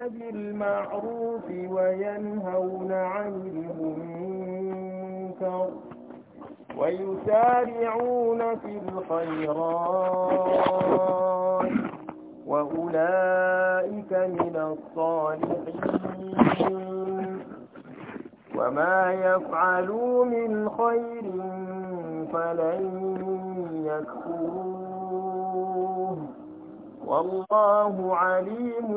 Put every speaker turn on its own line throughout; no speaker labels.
بالمعروف وينهون عن المنكر ويسارعون في الخيرات وأولئك من الصالحين وما يفعلوا من خير فلن يكفروه والله عليم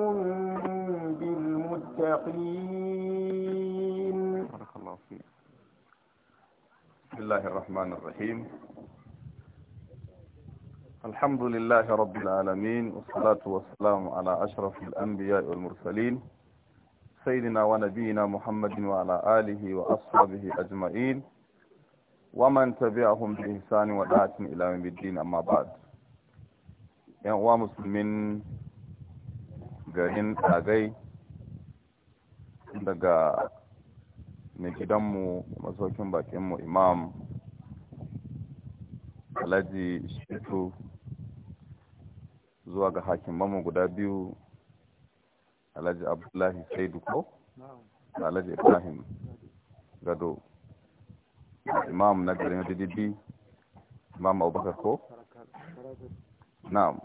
المتقين بارك الله فيك بسم الله الرحمن الرحيم الحمد لله رب العالمين والصلاة والسلام على أشرف الأنبياء والمرسلين سيدنا ونبينا محمد وعلى آله وأصحابه أجمعين ومن تبعهم بإحسان ودعات إلى من الدين أما بعد يعني مسلمين garin أغيي daga mai gidanmu masaukin bakinmu imam alhaji shitu zuwa ga hakimanmu guda biyu alhaji abdullahi saidu ko da alhaji ibrahim gado imam na garin ddd imam abubakar ko na'am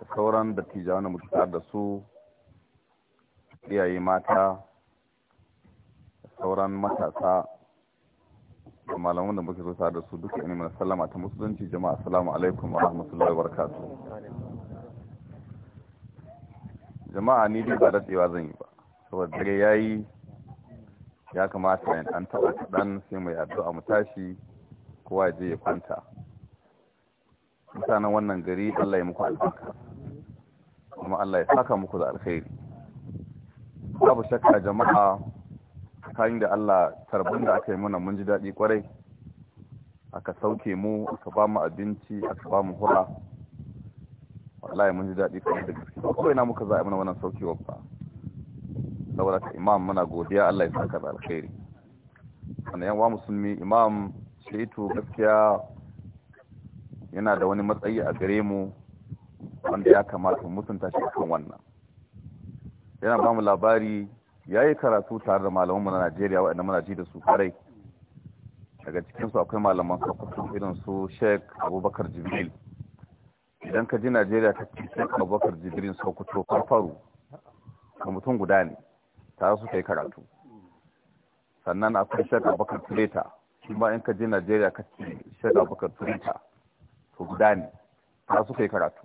da sauran dattijawa na mutu da su iyaye mata sauran matasa da malaman da muke so da su duka ne mana sallama ta musulunci jama'a assalamu alaikum wa rahmatullahi wa barakatuh jama'a ni dai ba daɗewa zan yi ba saboda dare yayi ya kamata in an taɓa kaɗan sai mai addu'a mu tashi kowa je ya kwanta mutanen wannan gari Allah ya muku albarka kuma Allah ya saka muku da alkhairi babu shakka jama'a kayan da Allah tarbin da aka yi mana mun ji daɗi kwarai aka sauke mu aka ba mu abinci aka ba mu hura wallahi mun ji daɗi kwarai da gaske ko na muka za a yi mana wannan saukewar ba saboda ka imam muna godiya Allah ya saka da alkhairi wannan yan wa musulmi imam shaitu gaskiya yana da wani matsayi a gare mu wanda ya kamata mutunta shi kan wannan yana ba mu labari ya yi karatu tare da malamanmu na najeriya waɗanda muna ji da su kwarai daga cikinsu akwai malaman kwakwakwun irin su sheik abubakar jibril idan ka ji najeriya ka ci sheikh abubakar jibril sokoto farfaru ka mutum guda ne tare su kai karatu sannan akwai sheik abubakar tureta shi ba in ka ji najeriya ka ci sheik abubakar tureta to guda ne tare su kai karatu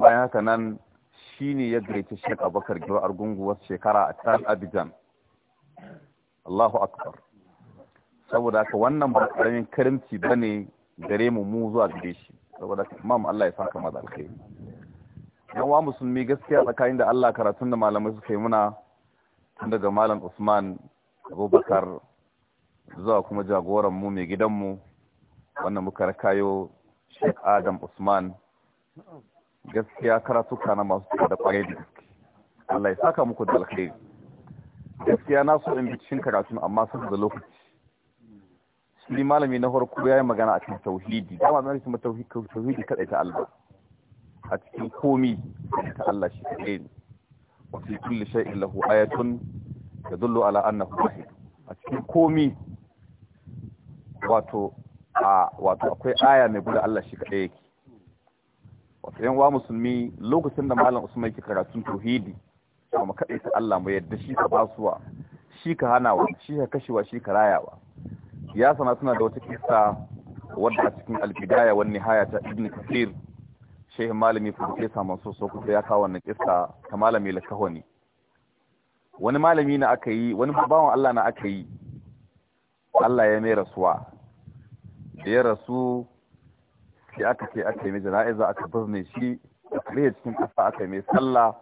bayan haka nan ne ya gaita Sheikh Abubakar Giwa Argungu wasu shekara a Tal Abidjan Allahu akbar saboda haka wannan ba karamin karimci ne gare mu mu zuwa gare shi saboda haka imam Allah ya saka maza alkhairi Yan wa musulmi gaskiya tsakanin da Allah karatun da malamai suka yi muna tun daga malam Usman Abubakar zuwa kuma jagoran mu mai gidanmu wannan muka rakayo Sheikh Adam Usman gaskiya karatuka na masu da kwarai da gaske Allah ya saka muku da alkhairi gaskiya na so in bi cikin karatun amma sun da lokaci shi malami na farko ya yi magana a cikin tauhidi dama zan rikin tauhidi kadai ta Allah a cikin komi ta Allah shi kadai ne wa fi kulli shay'in lahu ayatun tadullu ala annahu wahid a cikin komi wato a wato akwai aya mai gudu Allah shi kadai yake wato yan wa musulmi lokacin da malam usman yake karatun tauhidi ba mu kaɗai ta Allah mu yadda shi ka basuwa shi ka hanawa shi ka kashewa shi ka rayawa ya sana suna da wata kisa wadda a cikin albidaya wani haya ta ibn kafir shehin malami samun soso kusa ya kawo wannan kisa ta malami lakahoni wani malami na aka yi wani bawan Allah na aka yi Allah ya mai rasuwa da ya rasu sai aka ce aka yi mai jana'iza aka birne shi aka rihe cikin ƙasa aka yi mai sallah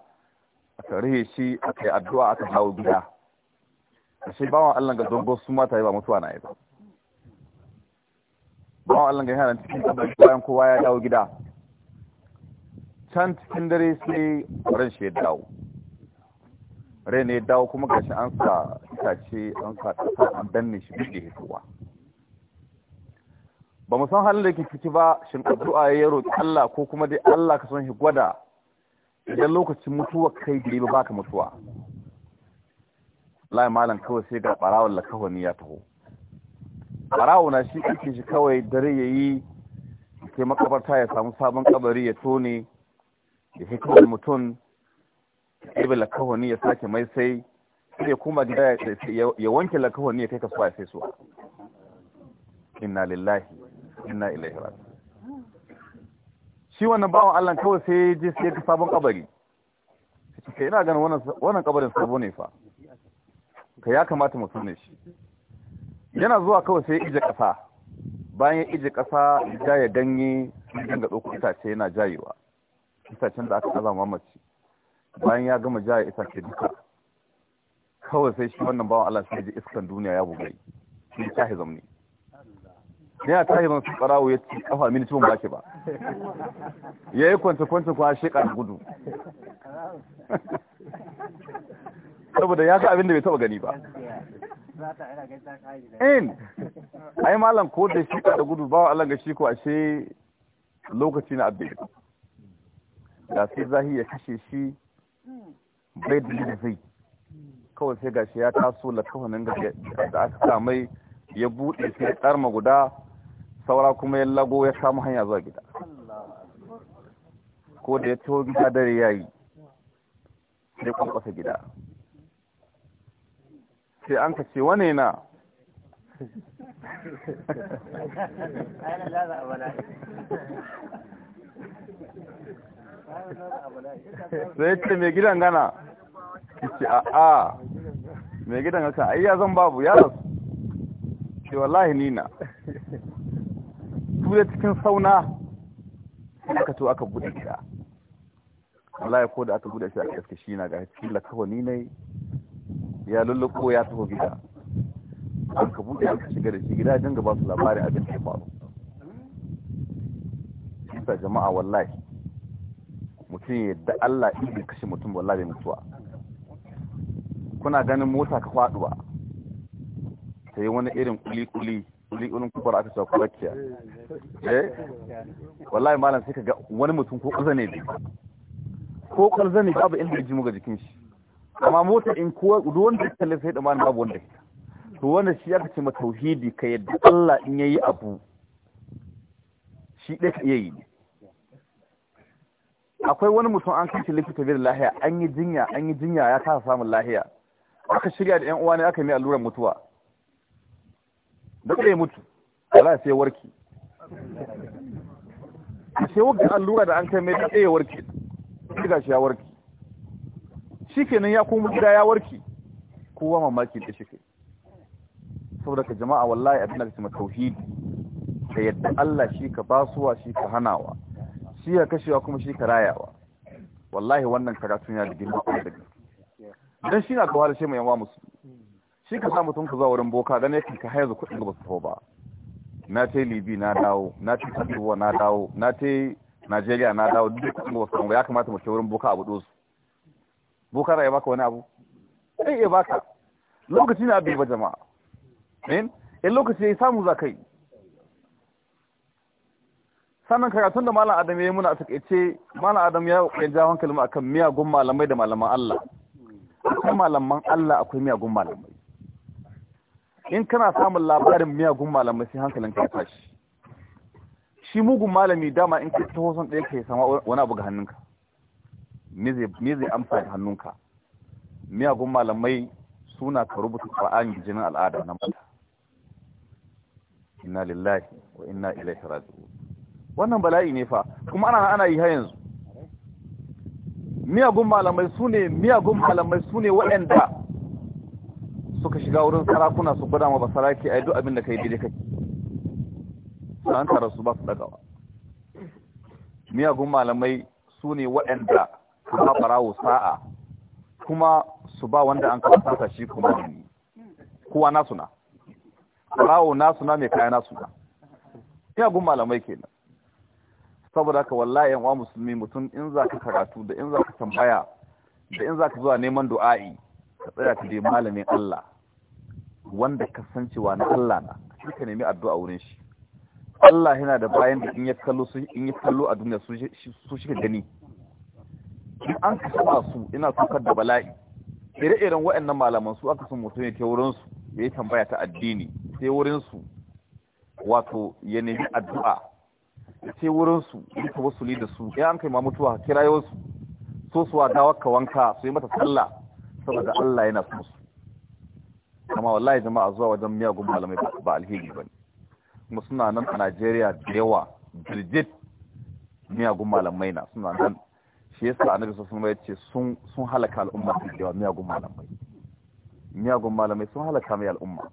aka rihe shi aka yi addu'a aka dawo gida a shi bawan allah ga zongo su mata yi ba mutuwa na yi ba bawan allah ga yana cikin ƙasa bayan kowa ya dawo gida can cikin dare sai ran shi ya dawo rai ne ya dawo kuma gashi an sa itace an sa ƙasa an danne shi duk da hitowa ba mu san halin da yake fiti ba shin addu'a ya roƙi Allah ko kuma dai Allah ka san shi gwada idan lokacin mutuwa kai gire ba baka mutuwa lai malam kawai sai ga barawon la kawani ya taho barawo na shi ake shi kawai dare yayi sai makabarta ya samu sabon kabari ya tone ya hikimar mutum ibe la kawani ya sake mai sai sai kuma gida ya wanke la kawani ya kai kasuwa ya sai suwa inna lillahi inna ilaihi raji'un shi wannan bawan Allah kawai sai ji sai ka sabon kabari kai ina ganin wannan wannan kabarin sabo ne fa kai ya kamata mu sunne shi yana zuwa kawai sai ije kasa bayan ya ije kasa ya ya ganye idan ga dauko itace yana jayewa itacen da aka azama mamaci bayan ya gama jaye itace duka kawai sai shi wannan bawan Allah sai ji iskan duniya ya bugai shi ya tahi zamne yana tashi masu ɓarawo ya ci kafa mini tun ba shi ba ya yi kwanta-kwanta kwa shekar gudu saboda ya sa abin da bai taba gani ba in ai malam ko da shi da gudu ba wa ga shi ko ashe lokaci na abin da sai zahi ya kashe shi bai da zai kawai sai gashi ya taso lakawanin da aka samai ya buɗe sai ƙarma guda saura kuma ya lago ya samu hanya zuwa gida ko da ya taho gida dare ya yi sai kwankwasa gida sai an ka ce wane na sai ce mai gidan gana ce a'a mai gidan gana ai ya zan babu ya rasu ce wallahi nina ture cikin sauna aka to aka bude shi Allah ko da aka bude shi a iska shi na ga cikin lakawani ne ya lulluko ya taho gida an ka bude aka shiga da shi gida don ba su labarin abin da ya faru sa jama'a wallahi mutum yadda Allah ibi kashe mutum wallahi mutuwa kuna ganin mota ka faduwa sai wani irin kuli-kuli ulikunin kubar aka sa kurakkiya eh wallahi malam sai kaga wani mutum ko ƙarza ne bi ko ƙarza ne babu inda ji ga jikin shi amma mota in ko duk wanda ya kalle sai da malam babu wanda to wanda shi aka ce ma tauhidi ka yadda Allah in yayi abu shi ɗaya ka iya yi akwai wani mutum an kashe likita bai lahiya an yi jinya an yi jinya ya kasa samun lahiya aka shirya da yan uwa ne aka yi allurar mutuwa Duk zai mutu Allah sai warki a sai wakil allura da an kai mai da ya warki sai shi ya warki shikenan ya kuma gida ya warki kowa mamaki da ke. saboda ka jama'a wallahi abin da kake ma tauhidi da yadda Allah shi ka basuwa shi ka hanawa shi ka kashewa kuma shi ka rayawa wallahi wannan karatun ya da girma da daga dan shi na kawo da shi mai yawa musu shi ka sa mutum ka zuwa wurin boka dan yake ka haizu kuɗin da basu ba na ce libi na dawo na ce kasuwa na dawo na ce najeriya na dawo duk kuɗin da basu ba ya kamata mu ce wurin boka abu ɗosu boka da ya baka wani abu sai iya baka lokaci na bai ba jama'a in in lokaci ya samu za ka yi sannan karatun da malam adam ya yi muna a takaice malam adam ya yi ja hankali mu akan miyagun malamai da malaman Allah akwai malaman Allah akwai miyagun malamai in kana samun labarin miyagun malamai sai hankalin ka tashi shi mugun malami dama in ka taho son ɗaya ka sama wani abu ga hannunka me zai amsa da hannunka miyagun malamai suna ka rubuta ƙwa'an jinin al'ada na mata inna lillahi wa inna ilaihi raji'un wannan bala'i ne fa kuma ana ana yi har yanzu miyagun malamai su ne miyagun malamai su ne waɗanda suka shiga wurin sarakuna su gwada ma ba saraki ai duk abin da kai daidai kai. an tara su ba su dagawa miyagun malamai su ne waɗanda su ba barawo sa'a kuma su ba wanda an kawo sata shi kuma kuwa kowa nasu na barawo nasu na mai kaya nasu na miyagun malamai kenan saboda ka wallahi yan wa musulmi mutum in za ka karatu da in za ka tambaya da in za ka zuwa neman du'a'i ka tsaya ka je malamin Allah wanda ka san cewa na Allah na sai ka nemi addu'a wurin shi Allah yana da bayan da in ya kallo su in ya kallo a duniya su su shi gani in an ka sa su ina tukar da bala'i ire-iren waɗannan malaman su aka san mutum ya ke wurin su ya yi tambaya ta addini sai wurin su wato ya nemi addu'a sai wurin su ya tawassuli da su in an kai ma mutuwa kirayo su so su wa ka wanka su yi mata sallah saboda Allah yana so su Kama wallahi jama'a zuwa wajen miyagun malamai ba alheri bane kuma suna nan a Najeriya da yawa birjit miyagun malamai na suna nan shi yasa annabi sallallahu alaihi ce sun sun halaka al'umma da yawa miyagun malamai miyagun malamai sun halaka mai al'umma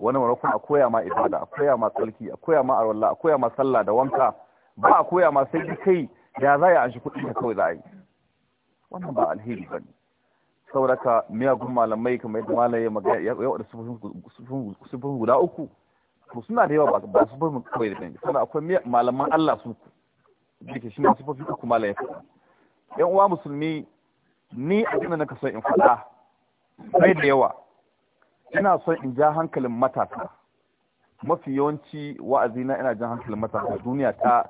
wani kuma a koya ma ibada a koya ma tsarki a koya ma arwalla a koya ma sallah da wanka ba a koya ma sai kai da za a an shi kuɗi da kawai za a yi wannan ba alheri ba ne saboda ka miyagun malamai kamar yadda ya magana ya wada sufin guda uku to suna da yawa ba su sufin kawai da dangi sannan akwai malaman Allah su ku da shi ne sufin uku fi yan uwa musulmi ni a ina na kasar in faɗa sai da yawa ina son in ja hankalin matasa mafi yawanci wa'azina ina jan hankalin matasa duniya ta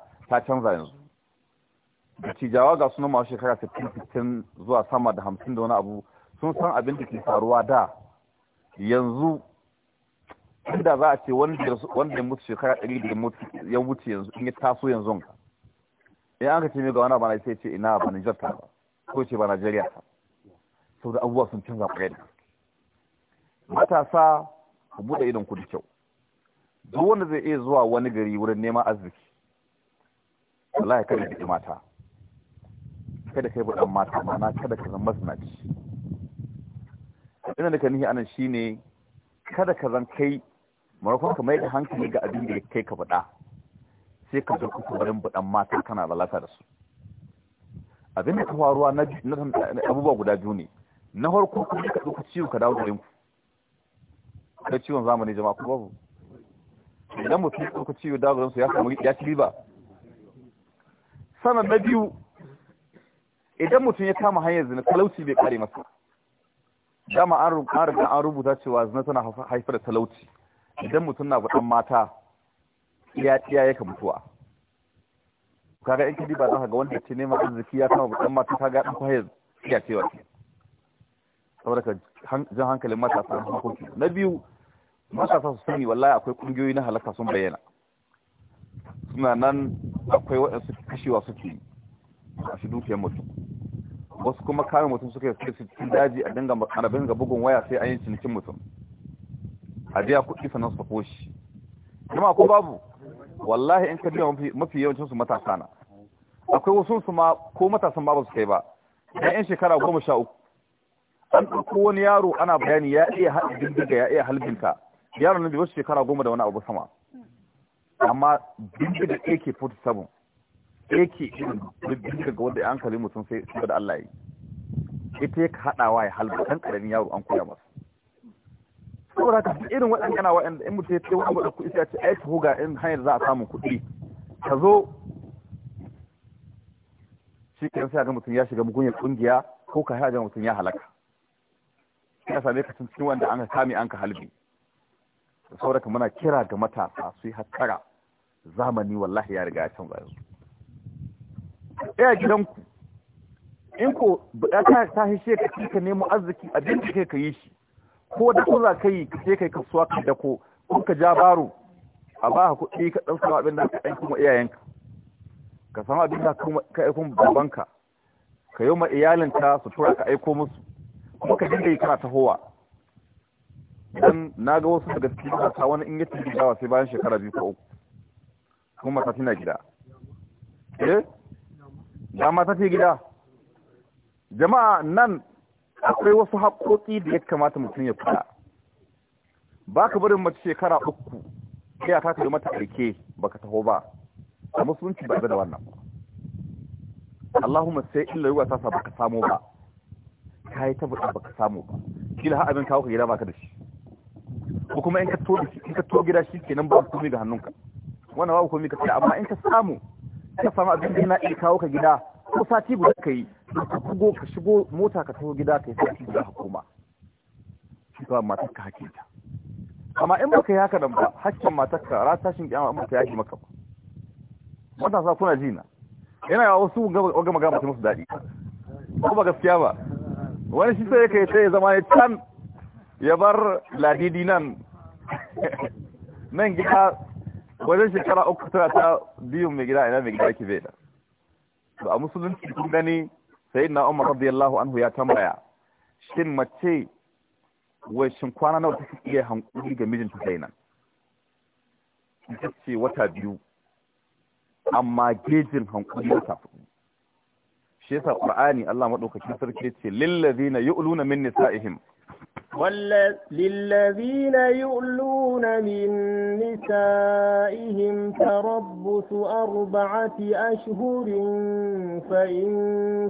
canza yanzu da ga suna masu shekara 60 zuwa sama da 50 da wani abu sun san abin da ke faruwa da yanzu inda za a ce wanda ya mutu shekara 100 da ya wuce yanzu in ya taso yanzu in an ka ce mai ga wani bana sai ce ina ba Nijar ta ba ko ce ba Najeriya ta sau da abubuwa sun canza kwarai da matasa ku buɗe idon ku da kyau duk wanda zai iya zuwa wani gari wurin neman arziki ya kare da mata kada kai baɗan mata ma'ana kada ka zama masnaci abin da ka nihi anan shine kada ka zan kai maimakon ka mai da hankali ga abin da ya kai ka faɗa. sai ka zurku barin baɗan mata kana lalata da su abin da ka faruwa na abubuwa guda biyu ne na farko ku ka ɗauka ciwo ka dawo garin ku da ciwon zamani jama'a ku babu idan mutum ya ɗauka ciwo dawo garin su ya samu ya ci riba sannan na biyu idan mutum ya kama hanyar zina talauci bai kare masa dama an riga an rubuta cewa zina tana haifar da talauci idan mutum na gudan mata iya ya yaka mutuwa kaga in kidi ba za ka ga wanda ce neman arziki ya kama gudan mata ga ɗan kwayar iya cewa ce saboda ka jan hankalin matasa na hukunci na biyu matasa su sani wallahi akwai ƙungiyoyi na halaka sun bayyana suna nan akwai waɗansu kashewa suke a shi dukiyar mutum wasu kuma kamin mutum suka yi su cikin daji a dinga karabin ga bugun waya sai an yi cinikin mutum a biya kuɗi sannan su koshi. shi jama'a ko babu wallahi in ka biya mafi yawancin su matasa na akwai wasu su ma ko matasan ba su kai ba dan yan shekara goma sha uku an ɗauko wani yaro ana bayani ya iya haɗa bindiga ya iya halbinka yaron nan bai wasu shekara goma da wani abu sama amma bindiga ak-47 yake irin dubbin ga wanda an kalli mutum sai sai da Allah yi ita yake haɗawa ya halba kan ƙaramin yaro an koya masa saboda ka irin waɗannan yana waɗanda in mutum ya ce wani mutum kuɗi sai ya ce ai ku ga in hanyar za a samu kuɗi ka zo shi ka sai ga mutum ya shiga mugunyar ƙungiya ko ka haɗa mutum ya halaka ya same ka cikin wanda an kame an ka halbi saboda ka muna kira ga matasa su yi hatsara zamani wallahi ya riga ya canza yanzu gidan gidanku in ko buƙata ta hishe ka ce ka nemo arziki abin da kai ka yi shi ko da ko za ka yi ka je kai kasuwa ka dako ko ka ja baro a ba ka kuɗi ka ɗan samu abin da ka ɗan kuma iyayenka ka samu abin da ka aiko babanka ka yi ma iyalinka su tura ka aiko musu kuma ka dinga yi kana tahowa dan na ga wasu daga cikin mata wani in yake gidawa sai bayan shekara biyu ko uku kuma mata tana gida eh dama ta ce gida jama'a nan akwai wasu haƙoƙi da ya kamata mutum ya kula ba ka barin mace shekara uku sai a taka mata ƙarke ba ka taho ba a musulunci ba da wannan Allahumma sai illa yuwa sasa ba ka samu ba ka yi tabbata ba ka samu ba kila har abin kawo ka gida ba ka da shi ko kuma in ka to gida shi kenan ba komai ga hannunka wannan ba ku komai ka sai amma in ka samu ka samu abin da yana iya kawo ka gida ko sati guda ka yi ka bugo ka shigo mota ka taho gida ka yi sati guda ka koma shi ba matar ka hakkin ta amma in baka yi haka nan ba hakkin matar ka rata shi kiyama amma ta yaki maka ba sa kuna jina yana yawa wasu ga magana musu daɗi ko ba gaskiya ba wani shi sai kai sai zama ne can ya bar ladidi nan nan gida wajen shekara uku tana ta biyun mai gida ina mai gida ki zai da to a musulunci kun gani sayyidina Umar radiyallahu anhu ya tambaya shin mace wai shin kwana nawa take iya hankuri ga mijinta sai nan ita ce wata biyu amma gejin hankuri wata hudu shi yasa qur'ani Allah madaukakin sarki ce lil ladina yu'luna min nisa'ihim للذين يؤلون من نسائهم تربص أربعة أشهر فإن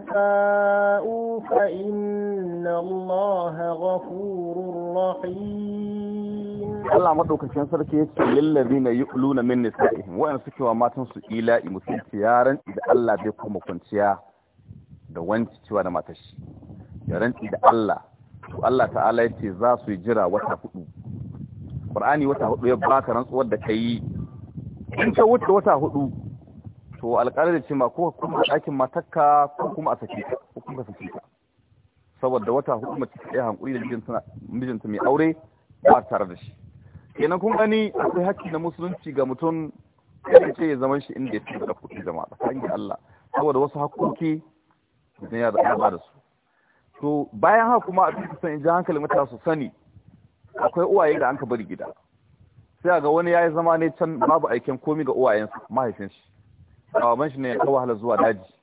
فاءوا فإن الله غفور رحيم Allah madaukakin sarki ya ce lillazina yu'luna min nisa'ihim wa'an suke wa matan su ila'i mutunci yaran da Allah bai kuma kwanciya da wanci cewa da matashi yaran da Allah to Allah ta'ala ya ce za su yi jira wata hudu ƙur'ani wata hudu ya baka rantsuwar da ka yi in ka wuce wata hudu to alƙalar da ce ma ko kuma ɗakin matakka ko kuma a sake ka ko kuma sake ka saboda wata hudu mace ta ɗaya hankuri da mijinta mai aure ba tare da shi kenan kun gani akwai hakki na musulunci ga mutum ya ce ya zama shi inda ya fi da kuɗi jama'a tsakanin Allah saboda wasu hakkoki idan ya da ba da su so bayan haka kuma a cikin san in ji hankalin mutane su sani akwai uwaye da an ka bari gida sai ga wani ya yi zama ne can babu aikin komi ga uwayensa mahaifin shi A shi ne ya wahala zuwa daji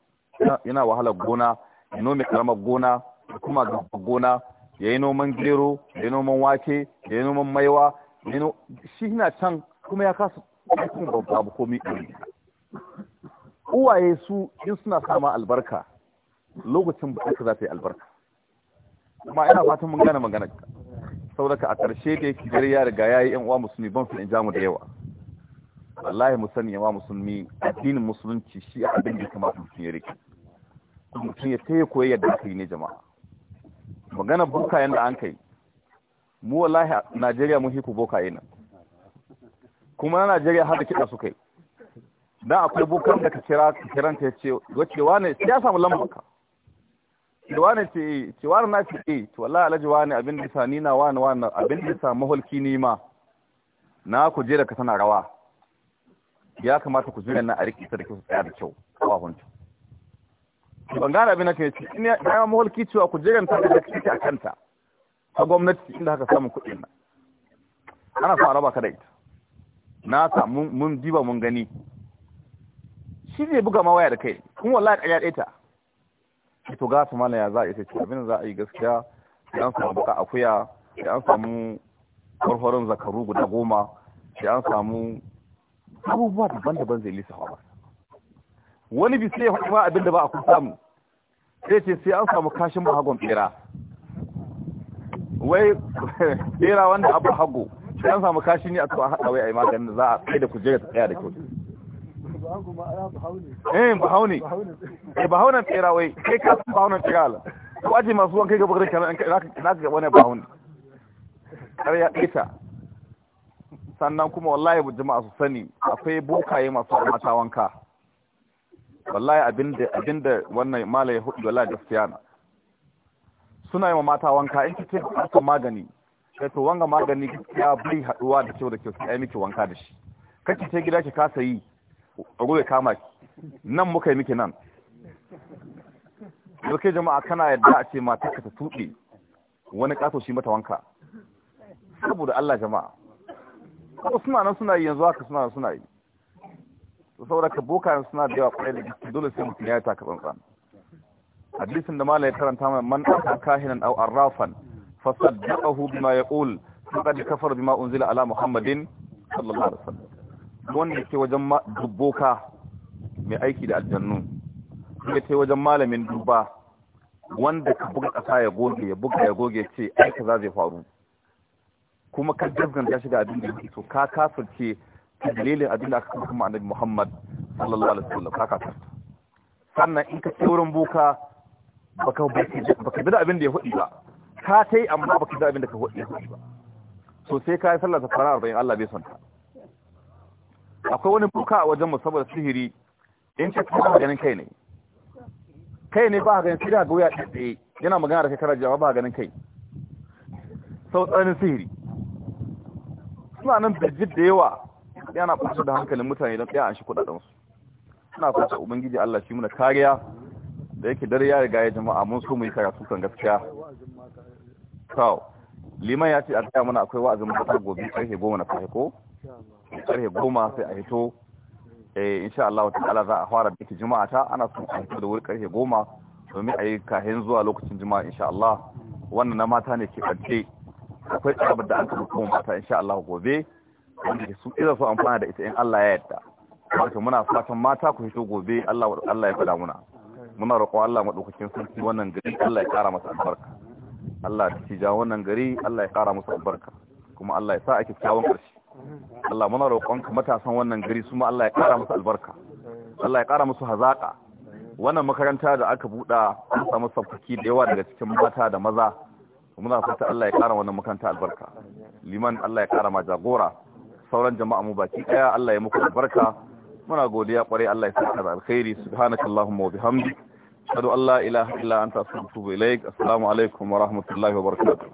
yana wahala gona ya nome karamar gona ya kuma ga gona ya yi noman gero ya yi noman wake ya yi noman maiwa shi yana can kuma ya kasa aikin babu komi uwaye su in suna sama albarka lokacin ba za ta yi albarka kuma ina fatan mun gane magana saboda ka a ƙarshe da yake gari ya riga yayi yan uwa musulmi ban su in jamu da yawa wallahi mu sani yawa musulmi addinin musulunci shi abin da kamata mutum ya rike mutum ya taya koyi yadda aka yi ne jama'a Magana boka yadda an kai mu wallahi a najeriya mun hiku boka yana kuma na najeriya har da kiɗa su kai dan akwai bokan da ka kira kiranta ya ce wacce wane ya samu ka Wani ce wani eh, na ce e to wallahi alhaji wani abin da sani na wani wani abin da sa maholki ni ma na ku je da ka sana rawa ya kamata ku jira na a riki ta da kyau tsaya da kyau kawa ta ban gane abin da ke ce in ya yi maholki cewa ku jira ta da kike a kanta ta gwamnati inda haka samun kuɗi. na ana fara ba ka da ita na ta mun diba mun gani shi ne buga ma waya da kai kuma wallahi ɗaya ɗaya ta to ga su mana ya za a isa ce abin za a yi gaskiya sai an samu baka akuya sai an samu farfarin zakaru guda goma sai an samu abubuwa daban-daban zai lisa ba wani bi sai ya faɗi ba abin da ba a kun samu sai ce sai an samu kashin mahagon tsira wai tsira wanda abu hago sai an samu kashi ne a to haɗa wai a yi maganin za a kai da kujera ta tsaya da kyau eh bahauni eh bahaunan tsira wai kai ka san bahaunan tsira ala ko aji masu wankai gaba gare ka na ga wani bahauni ya ita sannan kuma wallahi jama'a su sani akwai bokaye masu mata wanka wallahi abinda abinda wannan ya hudu wallahi gaskiya na suna yi wa mata wanka in kace ka magani sai eh, to wanga magani ya bai haduwa da kyau da kyau sai miki wanka da shi kace ce gida ki kasa yi ruwa kama ki nan muka yi miki nan yauke jama'a kana yadda a ce mata ka ta tuɗe wani ƙato shi mata wanka saboda Allah jama'a ko suna nan suna yi yanzu haka suna nan suna yi saboda ka boka suna da yawa kwarai da dole sai mutum ya taka tsantsan hadisin da malai karanta mai man aka kahinan au arrafan fasaddaqahu bima yaqul faqad kafara bima unzila ala muhammadin sallallahu alaihi wasallam wanda ke wajen dubboka mai aiki da aljannu ya ce wajen malamin duba wanda ka buga ƙasa ya goge ya buga ya goge ce ai za zai faru kuma ka jirgin ya shiga abin da ya to ka kafirce ta dalilin abin da aka kafa kuma annabi Muhammad sallallahu alaihi wasallam ka kafirta sannan in ka ce wurin boka baka baka bi da abin da ya hudi ba ka tai amma baka da abin da ka hudi ba so sai ka yi sallar ta fara arba'in, Allah bai son ta akwai wani buka a wajen musabar sihiri in ce kuma ganin kai ne kai ne ba ganin sihiri ga wuya ɗaya yana magana da shekarar jawa ba ganin kai sau tsananin sihiri suna nan birjit da yawa yana kusa da hankalin mutane don tsaya an shi kudadensu suna kwasa ubangiji Allah shi muna kariya da yake dare ya riga ya jama'a mun so mu yi karatu kan gaskiya kawo liman ya ce a tsaya mana akwai wa'azin mata gobe karfe goma na farko karfe goma sai a hito eh, insha Allah ta'ala za a fara biki juma'a ta ana son a hito da wuri karfe goma domin a yi kahin zuwa lokacin juma'a insha Allah wannan na mata ne ke ɓance akwai tsarabar da an kafa kuma mata insha Allah gobe wanda su iza su amfana da ita in Allah ya yarda wato muna fatan mata ku hito gobe Allah Allah ya fada muna muna roƙon Allah madaukakin sarki wannan gari Allah ya ƙara masa albarka Allah ya ci ja wannan gari Allah ya ƙara masa albarka kuma Allah ya sa ake kyawun ƙarshe Allah muna roƙonka matasan wannan gari su ma Allah ya ƙara musu albarka Allah ya ƙara musu hazaƙa wannan makaranta da aka buɗa an samu sabkaki da yawa daga cikin mata da maza muna fata Allah ya ƙara wannan makaranta albarka liman Allah ya ƙara ma jagora sauran jama'a mu baki ɗaya Allah ya muku albarka muna godiya ƙwarai Allah ya saka da alkhairi subhanakallahumma wa bihamdik ashhadu an ilaha illa anta astaghfiruka wa ilaik assalamu alaikum wa rahmatullahi wa barakatuh